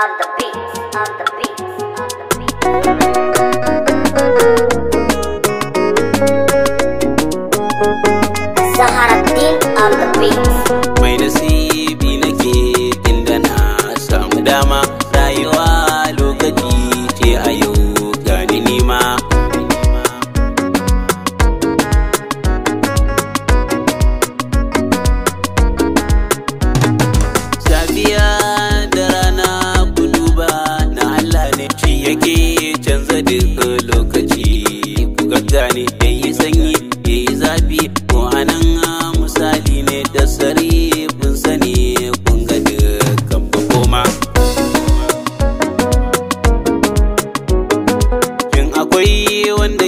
on the beat, on the beat, on the beat. Zaharaddin on the beat. Mai nasibi nake tunda na samu dama rayuwa.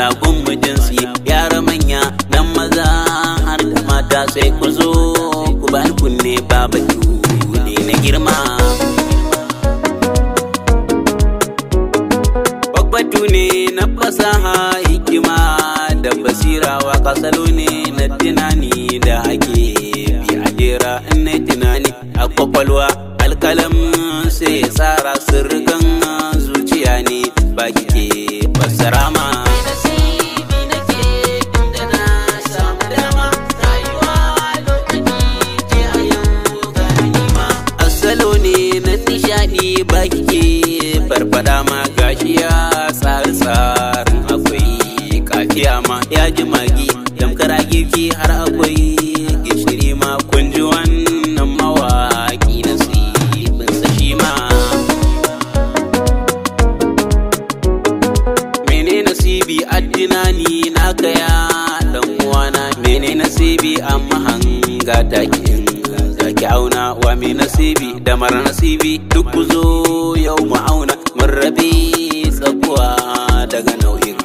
zagon mu jinsi yara manya dan maza har da mata sai ku zo ku ni kunne baba na girma Babbatu ne na fasaha hikima da basira wa kasalo ne na tunani da ake bi a jera in tunani a kwakwalwa alkalam sai tsara sirri baki ke farfada ma gashiya. ya tsari akwai kafiya ma ya ji magi damkar girki har akwai gishiri ma kun ji wannan mawaki na sibin sa shi ma mene nasibi addina ni na gaya dan uwana mene nasibi amma hanga takin ki auna wa mi nasibi da mara nasibi duk ku zo yau mu auna mun rabi tsakuwa daga nau'in